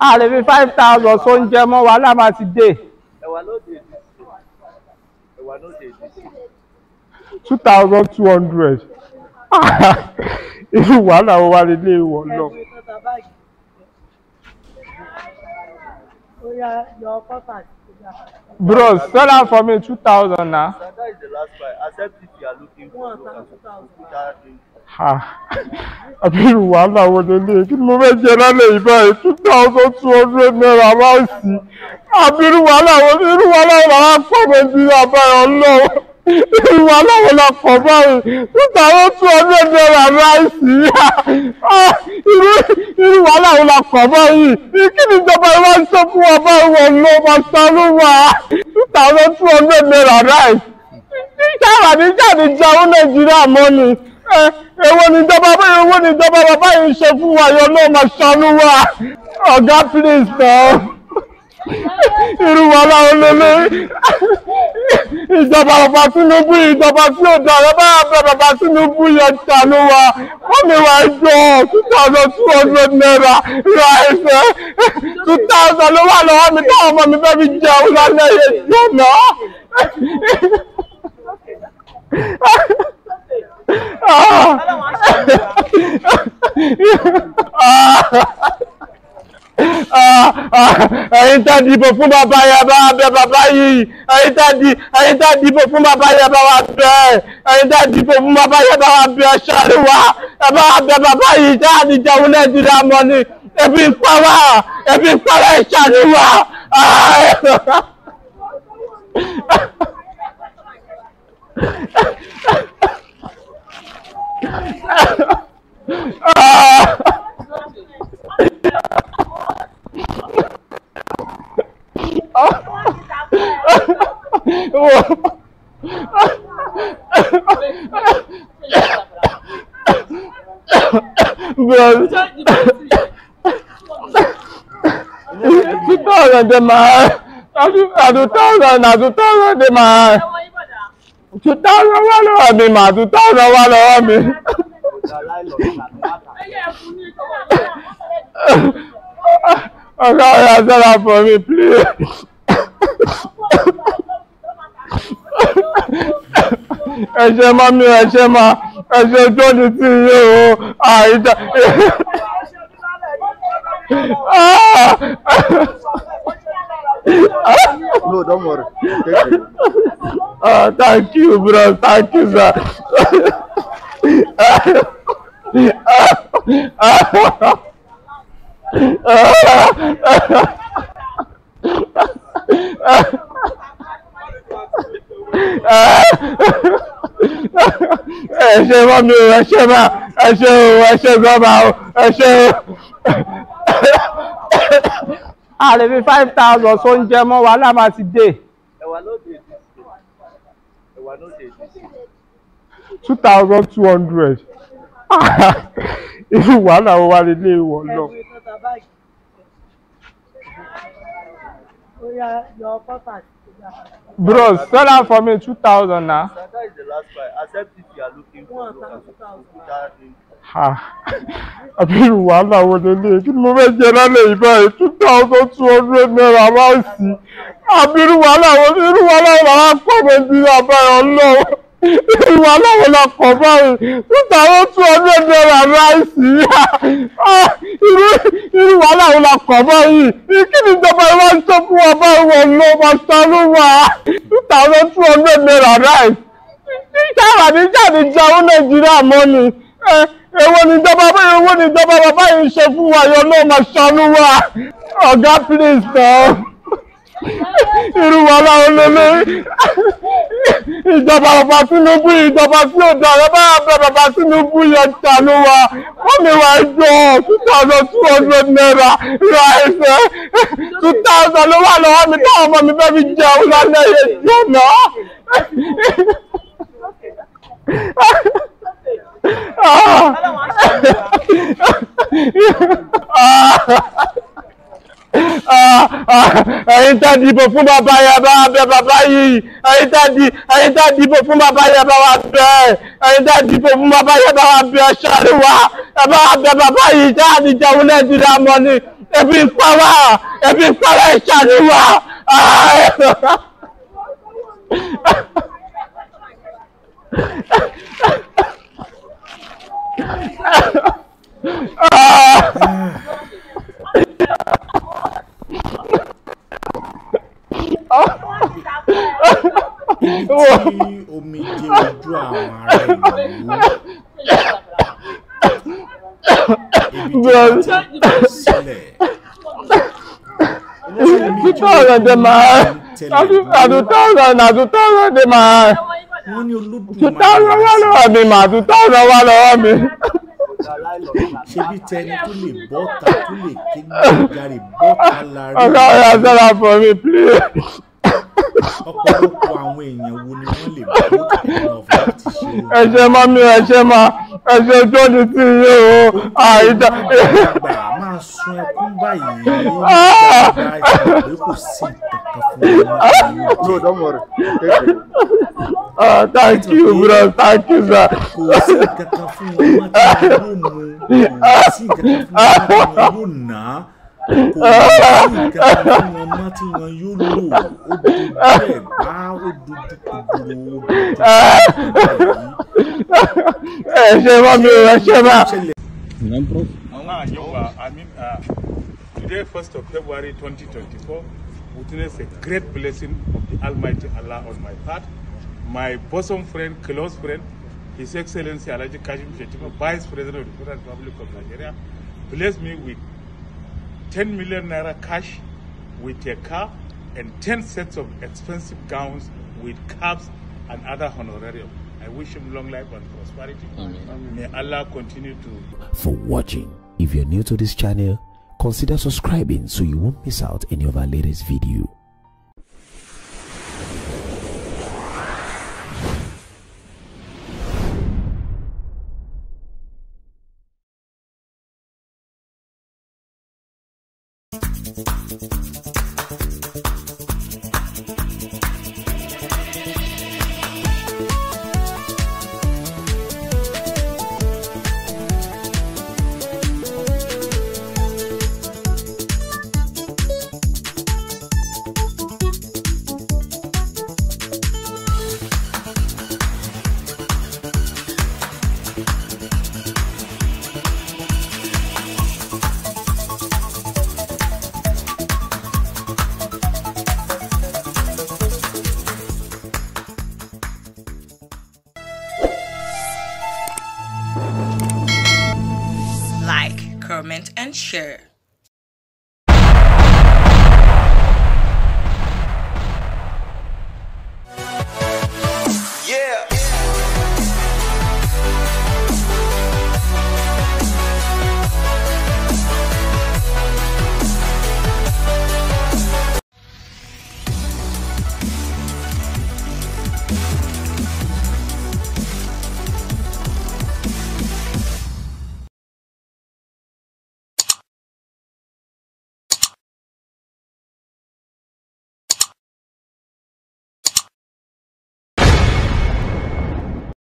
a lè fi five thousand So ń jẹ mọ́ wa láma ti dé. ẹ̀wà ló dé ẹ̀wà ló dé two thousand two hundred irú wàhálà wo wá nílé ìwọ lọ. Bros, sell out for me two thousand na. That is the last price. Accept if you are looking for. One thousand two àbírù wàhálà wo lélẹ̀ kí ni mo fẹ́ jẹ lálẹ́ ìbá yìí two thousand two hundred naira láìsí àbírù wàhálà wo irú wàhálà wo làwọn akọ́ nàìjíríà báyìí ọlọ́wọ́ irú wàhálà wo la kọ̀ báyìí two thousand two hundred naira láìsí irú wàhálà wo la kọ̀ báyìí kí ni ìjọba yìí wá ń ṣe fún wa báyìí wọ́n lọ wọ́n sáré wa two thousand two hundred naira láìsí. Ṣé ìjà wà ní jáde jẹun Nàìjíríà mọ́ ni? èwo ni ìjọba báyìí èwo ni ìjọba bàbá yìí ṣe fún wa yọ náà máa ṣàánú wa ọ̀gá please náà irú wa láwọn lélẹ̀ ìjọba bàbá Tinubu ìjọba tí ò dára bá bẹ bàbá Tinubu yẹn ṣàánú wa wọ́n mi wá jọ two thousand two hundred naira ra ẹsẹ̀ two thousand ló wà lọ́wọ́ mi táwọn ọmọ mi fẹ́ fi jẹun lálẹ́ yẹn jọ náà. ẹ̀yin tá dìbò fún bàbá yẹn bá bàbá yìí ẹ̀yin tá dìbò fún bàbá yẹn wa bẹ̀ ẹ̀yin tá dìbò fún bàbá yẹn wa bẹ̀ ṣàrí wa ẹ wa bẹ̀ bàbá yìí tá a ti jẹun nàìjíríà mọ́ ni ebi ń pa wá ebi ń pa wá ẹ ṣàrí wa. Ha ha ha. bro. two thousand dey my hand. Na two thousand na for me please. ẹ ṣé mami ẹ ṣé ma ẹ ṣé tó ní sí iye o àìdá. no, don't worry. Thank you. Uh, thank you, bro. Thank you, sir. Ah! ẹ ṣe mọ́ mi o ẹ ṣe máa ẹ ṣe o ẹ ṣe gọ́mà o ẹ ṣe o. a five thousand tó ń jẹ mọ́ wa láma ti dé. ẹ̀wà ló dé ẹ̀wà ló dé two thousand two hundred irú wàhálà wo wá lè lé ìwọ náà. Oh Bro, sell out for me two thousand na. Sir, that is the last price. Accept if you are looking for local. àbẹ̀rù wàhálà wo lélẹ̀ kí ni mo fẹ́ jẹ lálẹ́ ìbá yìí two thousand two hundred naira láìsí àbẹ̀rù wàhálà wo lélẹ̀ wàhálà wo làwọn akọ́ mi bí abáyọ̀ lọ́wọ́ ìwà láwọn la báyìí níta ó tún ọdún náírà láìsí yá irú láwọn la báyìí kí ìjọba ìwà ń tó fún wa báyìí wọn lọ wọn wa níta ó tún ọdún náírà láìsí sábà ní jáde ja nàìjíríà mọ́ ni eh, èwo ìjọba báyìí owó ni ìjọba bàbá yìí ṣe fún wa yọ náà máa wa ọ̀gá please tán irú wà láwọn lélẹ́yìn ìjọba bàbá Tinubu ìjọba tí ò dára bá bẹ bàbá Tinubu yẹn ta ló wa wọ́n mi wá jọ two thousand two hundred naira ra ẹsẹ̀ two thousand ló wà lọ́wọ́ mi táwọn ọmọ mi fẹ́ fi jẹun lálẹ́ yẹn jẹ́ Ah! Ah ah! dìbò fún bàbá yẹn bá bẹ bàbá yìí ẹ̀yin tá di ẹ̀yin tá dìbò fún bàbá yẹn bá wà bẹ ẹ̀yin tá dìbò fún bàbá yẹn bá wà bẹ ṣàlù wa ẹ bá wà bẹ bàbá yìí tá a ti jẹun nàìjíríà mọ ni ebi ń pa wá ebi ń pa wá ẹ ṣàlù wa. Ha ha ha. two thousand dem ah na two thousand na two thousand dem ah two thousand wà lọ́wọ́ mi ma two thousand wà lọ́wọ́ mi. ṣebí tẹni tó to me, tó lè kí n gbàgbé bọ́ta lára. I ọ̀gá sọ̀rọ̀ for me please ọ̀pọ̀lọpọ̀ àwọn èèyàn wo ni wọ́n lè bá lókàtúnọ̀ ọ̀fọ̀ láti ṣe. ẹ ṣe máa mi ẹ ṣe máa tó ní sí iye o àìdá. àgbà máa sun ẹkún báyìí ní ìgbà ìgbà kò sí kankan fún wọn. no don't worry. ah thank you bro thank you sir. kò sí kankan fún wọn wọn ti yóò mú kò sí kankan fún wọn wọn yóò ná. tí wọn today first of February twenty twenty four witness a great blessing of the Almighty Allah on my part my bosom friend close friend His Excellency Alaji Kashim Vice President of the Federal Republic of Nigeria bless me with 10 million naira cash with a car and 10 sets of expensive gowns with caps and other honorarium. I wish him long life and prosperity. Amen. May Allah continue to. For watching, if you're new to this channel, consider subscribing so you won't miss out any of our latest videos. Sure.